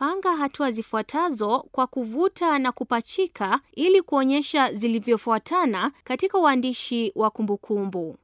Panga hatua zifuatazo kwa kuvuta na kupachika ili kuonyesha zilivyofuatana katika uandishi wa kumbukumbu.